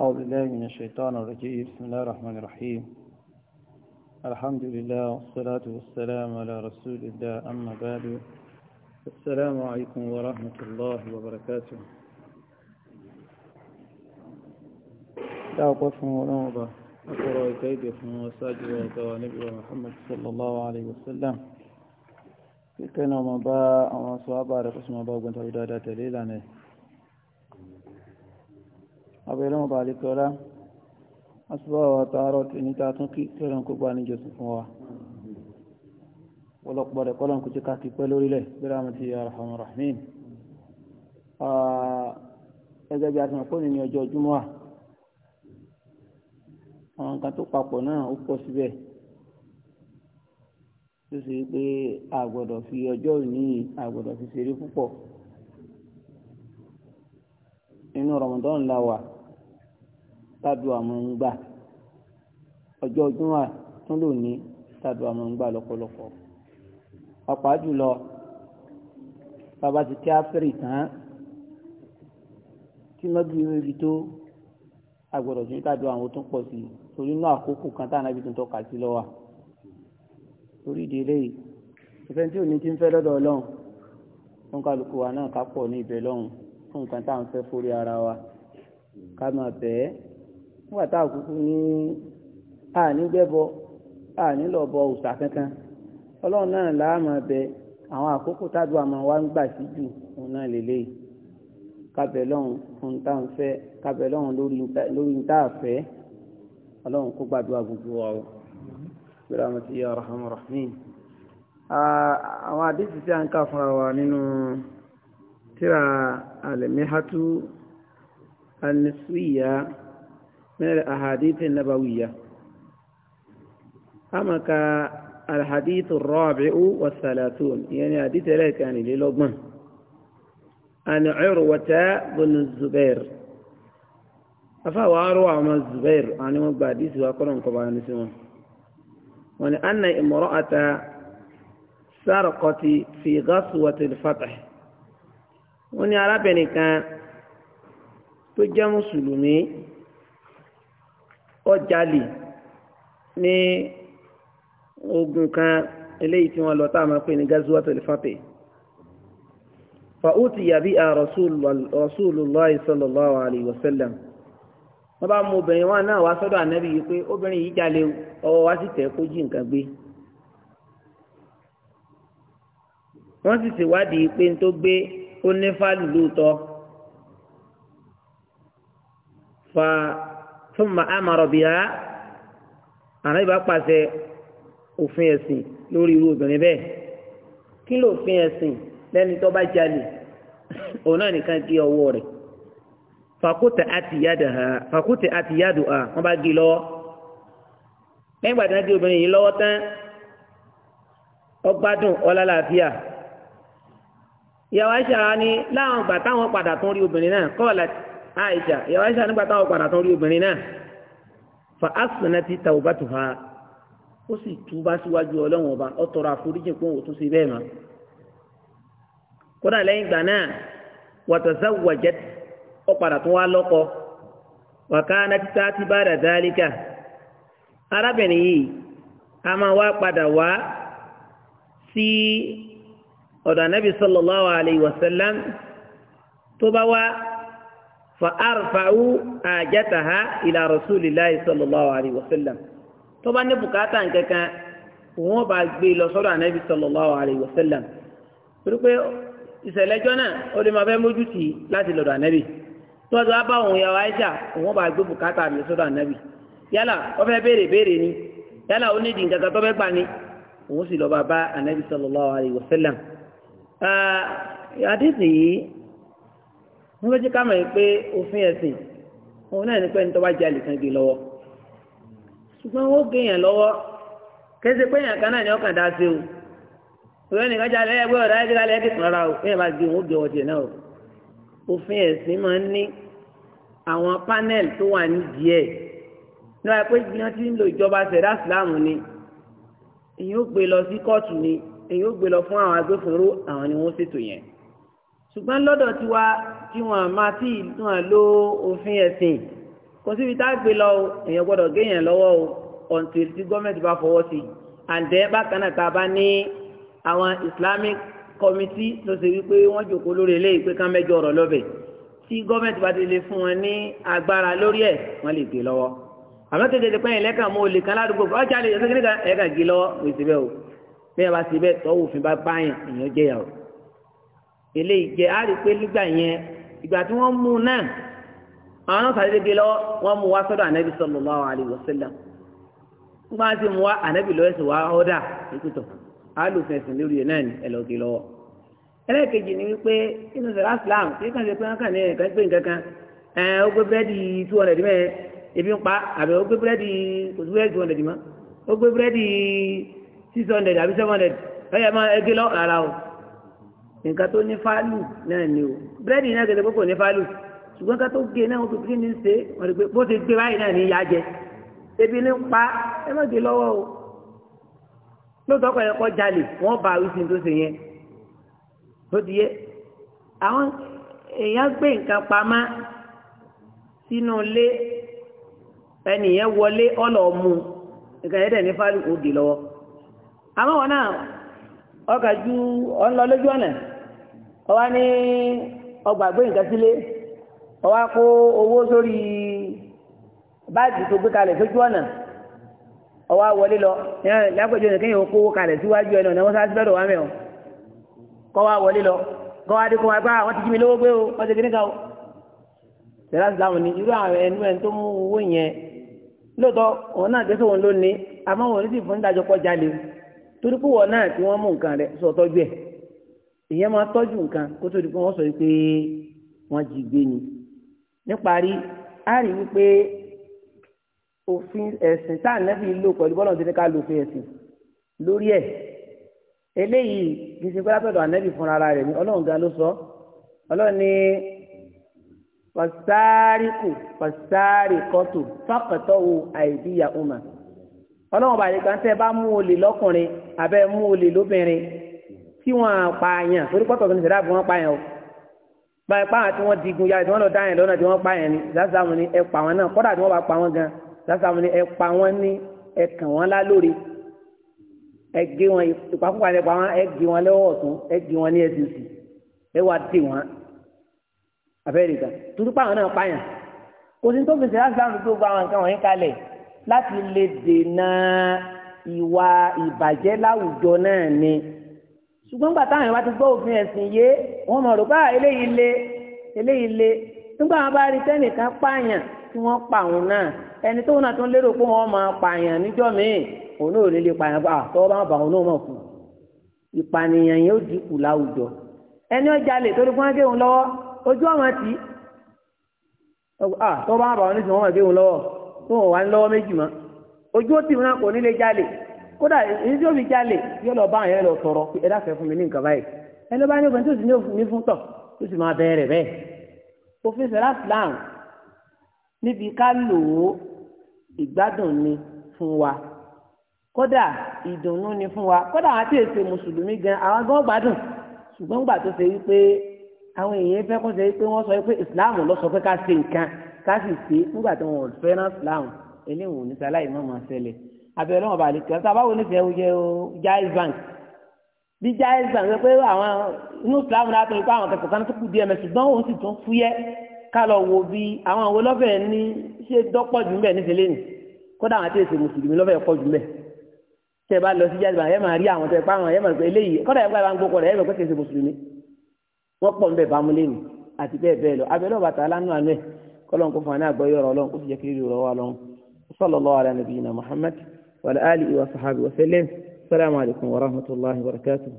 أعوذ بالله من الشيطان الرجيم بسم الله الرحمن الرحيم الحمد لله والصلاة والسلام على رسول الله أما بعد السلام عليكم ورحمة الله وبركاته لا أقف ونوضة أقرأ كيد وساجد وتوانب محمد صلى الله عليه وسلم كنا ما باء وما صعب على قسم باء وانتهى إلى ذات ليلة abẹ́rẹ́ wọn bá lè tọ́lá asúbọ̀wọ̀ tààrọ̀ tẹni ta tún kí kó gbá níjọsìn fún wa ọlọ́pọ̀ rẹ̀ kọ́lọ̀ kò tí ká ti pẹ́ lórílẹ̀ bẹ́rẹ̀ àmì ti arhamar rahimin ẹgbẹ́ a ti mọ̀ pé ní ọjọ́ júmọ́ àwọn nǹkan tó papọ̀ náà ó pọ̀ síbẹ̀ tó sì pé àgbọ̀dọ̀ inú Ramadan la wà tádùn àwọn ń gbà ọjọ́ ọdún wa tún lò ní tádùn àwọn ń gbà lọ́pọ̀lọpọ̀ pàápàá bàbá ti kí áfírì tán tí mọ́bí ibi tó agbọ̀dọ̀ tún tádùn àwọn tó pọ̀ sí torí náà àkókò kan tá ànábì tó tọ́ka sí lọ́wọ́ torí ìdí eléyìí ìfẹ́ tí ò ní ti ń fẹ́ lọ́dọ̀ ọlọ́run fún kálukú wa náà ká pọ̀ ní ibẹ̀ lọ́hùn fún nǹkan tá à ń fẹ́ fórí ara wa ká máa bẹ̀ẹ́ nígbà tá a kúkú ní àní jẹ́bọ àní lọ́bọ òòṣà kankan ọlọ́run náà láàmú ọbẹ̀ àwọn àkókò tádùn àmọ́ wa ń gbà sí jù òun náà lélẹ́yìí kábẹ̀ lọ́hùn ohun tá à ń fẹ́ kábẹ̀ lọ́hùn lórí ń tá à fẹ́ ọlọ́run kó gbàdúrà gbogbo wa o gbéra mọ́ sí arhamar rahim àwọn àdéhùn tí a ń kà fúnra wa nínú tíra alẹ́míhátú anisúyà. من الأحاديث النبوية أما الحديث الرابع والثلاثون يعني حديث لا يعني للغم عن عروة بن الزبير أفهو عروة بن الزبير أنا يعني مباديس وأقولهم كبار نسمه وأن أن امرأة سرقت في غزوة الفتح وأن أرابني كان تجا مسلمي ọjàlè ní ogun kan eléyìí tí wọ́n lọ tá a máa pè ní gazuwatul fatih fa'utiya biha rasulullah sallallahu alayhi wa sallam bá mú obìnrin wọn náà wá sọ́dọ̀ ànábì yìí pé obìnrin yìí jalè ọwọ́ wá sì tẹ̀ kó jí nǹkan gbé wọ́n sì ṣèwádìí pé tó gbé ó ní fálù fa. thumma amara biha àná ìbá pàṣẹ òfin ẹ̀sìn lórí irú obìnrin bẹ́ẹ̀ kí ló òfin ẹ̀sìn lẹ́ni tó bá jalè òun náà nìkan gé ọwọ́ rẹ̀ fàkútà àti yádù à wọ́n bá gé lọ́wọ́ lẹ́yìn ìgbà tí wọ́n gé obìnrin yìí lọ́wọ́ tán ọgbádùn ọlálàáfíà ìyàwó àṣà ni láwọn ìgbà táwọn padà tún rí obìnrin náà kọ́ ọ̀la àìsà ìyàwó àìsà nígbà táwọn padà tán rí obìnrin náà fa asùnà ti ta fa ó sì túbá síwájú ọlọ́wọ̀n ọba ó tọrọ àforíjì pé òun ò bẹ́ẹ̀ mọ́ kódà lẹ́yìn ìgbà náà wàtàzá wàjẹ́ padà tún ti bá dà dálíkà arábìnrin yìí a máa wá padà wá sí sallallahu wa sallam tó fa arfa'u àjẹtàhá ìlà rasulillahi sallallahu alayhi wa sallam tó bá ní bùkátà nkankan wọ́n bá gbé lọ sọ́dọ̀ ànábì sallallahu alayhi wa sallam torí pé ìṣẹ̀lẹ̀jọ́ náà ó lè máa fẹ́ mójútì láti lọ́dọ̀ ànábì tọ́jú á bá òun yàwó àìsà òun bá gbé bùkátà mi sọ́dọ̀ ànábì yálà ó fẹ́ béèrè béèrè ni yálà ó nídìí nǹkan kan tó fẹ́ gbà ni òun sì lọ ní ló jẹ́ ká mọ̀ yìí pé òfin ẹ̀sìn òun náà ní pé ní tó bá jalè kan gé lọ́wọ́ ṣùgbọ́n ó gé yẹn lọ́wọ́ kése pé yẹn kan náà ni ọkàn dá sí o ìwé nìkan jalè ẹ̀ gbé ọ̀dà ẹ̀dínlá lẹ́ẹ̀kì kan rárá o pé yẹn bá gé òun ó gé ọ̀dì náà o òfin ẹ̀sìn máa ń ní àwọn panel tó wà nídìí ẹ̀ níwáyé pé ìgbìyàn ti ń lo ìjọba ṣẹ̀dá ìsìláàmù ni èyí ó gbé lọ sí kóòtù ni èyí ó gbé lọ fún àwọn agbófinró àwọn ni wọ́n ṣètò yẹn ṣùgbọ́n lọ́dọ̀ tiwa tí wọ́n máa tí wọ́n lo òfin ẹ̀sìn kò síbi tá a gbé lọ o èèyàn gbọ́dọ̀ géèyàn lọ́wọ́ o until tí gọ́ọ̀mẹ̀ntì bá fọwọ́ sí i àǹdẹ́ bákan náà tá a bá ní àwọn Islamic committee tó ṣe wípé wọ́n jòkó lórí eléyìí pé kán mẹ́jọ ọ̀rọ̀ lọ́bẹ̀ tí gọ́ọ̀mẹ̀ntì bá ti lè fún wọn ní agbára lórí ẹ̀ wọ́n lè gbé lọ́wọ́ àmọ́ tó tètè pẹ́yìn lẹ́kàn mọ́ olè kan ládùúgbò ọjà lè yọ sẹ́kẹ́ nígbà ẹ̀ka gé lọ́wọ́ kò sí bẹ́ẹ̀ o bẹ́ẹ̀ bá ṣe bẹ́ẹ̀ tọ́wọ́ òfin bá báyàn èèyàn jẹ́yà eléyìí jẹ́ á rí i pé nígbà yẹn ìgbà tí wọ́n mú náà àwọn náà sáré débi lọ́wọ́ wọ́n mú wá sọ́dọ̀ ànábì sallallahu alaihi wasallam nígbà tí mú wá ànábì lọ́wọ́ sì wá ọ́dà ìkútọ̀ alùpùpù ẹ̀sìn lórí ẹ̀ náà ni ẹ̀ lọ́ọ́ gé lọ́wọ́ ẹlẹ́ẹ̀kejì ni wípé inú sọ̀rọ̀ aslam kí kàn ṣe pé wọ́n kàn ní ẹ̀ka pé nǹkan kan ẹ̀ ó gbé búrẹ́dì two hundred ebi ń pa àbẹ̀ ó gbé búrẹ́dì kò sí búrẹ́dì two hundred mọ́ ó gbé búrẹ́dì six hundred nǹkan tó ní fálù náà ni o búrẹ́dì náà gẹ̀dẹ̀ kókò ní fálù ṣùgbọ́n ká tó gé náà wọ́n kí ni ṣe wọ́n rí pé bó ti gbé báyìí náà ní ìyá jẹ ebi ní pa ẹ má gé lọ́wọ́ o lóòótọ́ kọ̀ ẹ̀kọ́ jalè wọ́n bá wíṣí tó ṣe yẹn tó ti yé àwọn èèyàn gbé nǹkan pamá sínú ilé ẹnìyẹn wọlé ọlọ́ọ̀mù nǹkan yẹn dẹ̀ ní fálù ògè lọ́wọ́ àmọ́ wọn náà ọkà ju ọ̀nlọ́lójú ọ̀nà ọwá ní ọgbàgbé nǹkan sílé ọwá kó owó sórí báàgì tó gbé kalẹ̀ sójú ọ̀nà ọwá wọlé lọ lápẹjọ nìkan yóò kó owó kalẹ̀ síwájú ẹ̀ náà wọ́n sá síbẹ̀ lọ́wọ́ mẹ́wọ́ kọ́ wá wọlé lọ kọ́ wá dé kó wá gbá wọ́n ti jí mi lówó gbé o wọ́n ti gbé níkà o tẹ̀lá sí láwọn ní irú àwọn ẹnu ẹni tó mú owó yẹn lóòótọ́ òun náà gbèsè òun ló ní àmọ́ òun ní sì fún ìdájọ́ kọjá lé torí pé wọ́n náà tí wọ́n mú nǹkan rẹ̀ èèyàn máa tọ́jú nǹkan kó tó di pé wọ́n sọ pé wọ́n jí gbé ni níparí a rí wípé òfin ẹ̀sìn tá à nẹ́bí lò pẹ̀lú bọ́lá òdìní ká lo òfin ẹ̀sìn lórí ẹ̀ eléyìí kì í ṣe pé látọ̀dọ̀ ànẹ́bí fúnra ara rẹ̀ ni ọlọ́run gan ló sọ ọlọ́run ní fasáríkù fasárikọ́tù fákàtọ́wò àìdíyà ọmọ ọlọ́run bàdé kan tẹ́ bá mú olè lọ́kùnrin àbẹ́ mú olè lóbìnrin tí wọ́n pààyàn torí pọ́tọ̀ ní sẹ̀dáàbù wọn pààyàn o báyìí pààyàn tí wọ́n digun ya tí wọ́n lọ dáyàn lọ́nà tí wọ́n pààyàn ni lásàmù ni ẹ pa wọn náà kọ́dà tí wọ́n bá pa wọn gan lásàmù ni ẹ pa wọn ní ẹ kàn wọn lá lórí ẹ gé wọn ìpakúpa ni ẹ pa wọn ẹ gé wọn lọ́wọ́ ọ̀tún ẹ gé wọn ní ẹsẹ̀ òsì ẹ wá dé wọn abẹ́rẹ́ gan torí pààyàn náà pààyàn kò sí tó fi sẹ́ lásàmù tó gba àwọn nǹkan wọ̀nyí kalẹ̀ láti lè dènà ìwà ìbàjẹ́ láwùjọ náà ni ṣùgbọ́n gbà táwọn ìwà ti gbọ́ òfin ẹ̀sìn yé wọ́n mọ̀ rògbà ah, eléyìí le eléyìí le nígbà wọn bá rí tẹ́nìkan pààyàn tí wọ́n pa òun náà ẹni tóun náà tó ń lérò pé wọ́n máa pààyàn níjọ́ míì òun náà lè lè pààyàn ah, bá àtọ́wọ́ bá bá òun náà mọ̀ kù ìpànìyàn yóò torí fún lọ́wọ́ ojú tì ah, kódà èyí tí ó fi jalè yóò lọ bá àyẹ̀lọ tọrọ ẹ dáfẹ́ fún mi ní nǹkan báyìí ẹ ló bá ní ọkùnrin tó sì ní fún tọ̀ tó sì máa bẹ̀rẹ̀ bẹ́ẹ̀ òfin sẹ̀rá flam níbi ká lò ó ìgbádùn ni fún wa kódà ìdùnnú ni fún wa kódà àwọn àti èsè mùsùlùmí gan àwọn gan gbádùn ṣùgbọ́n gbà tó ṣe wípé àwọn èèyàn fẹ́ kó ṣe wípé wọ́n sọ wípé ìsìláàmù ló sọ pé ká ṣe nǹkan ká sì ṣe nígbà tí wọn fẹ́ràn ìsìláàmù eléwọ̀n ò ní máa ṣẹlẹ̀ abẹ́rẹ́ wọn balẹ̀ kẹ́ńtà báwo ní fẹ́ wọ́n jẹ́ o Jaiz Bank bí Jaiz Bank pé àwọn inú Islam náà tó ń pa àwọn kẹsàn-án kan tó kù díẹ̀ mẹ́sì gbọ́n òun sì tún fúyẹ́ ká lọ wo bí àwọn àwọn lọ́fẹ̀ẹ́ ní ṣe dọ́pọ̀ jù mbẹ̀ níṣẹ́ lẹ́nu kódà àwọn àti èsè mùsùlùmí lọ́fẹ̀ẹ́ pọ̀ jù mbẹ̀ tẹ́ bá lọ sí Jaiz Bank ẹ máa rí àwọn tẹ́ pa àwọn ẹ máa rí pé eléyìí kódà ẹ máa ń gbókọ̀ rẹ̀ ẹ máa pẹ́ kẹsẹ̀ mùsùlùmí wọ́n pọ̀ mbẹ̀ bámú lẹ́nu وعلى آله وصحابه وسلم السلام عليكم ورحمة الله وبركاته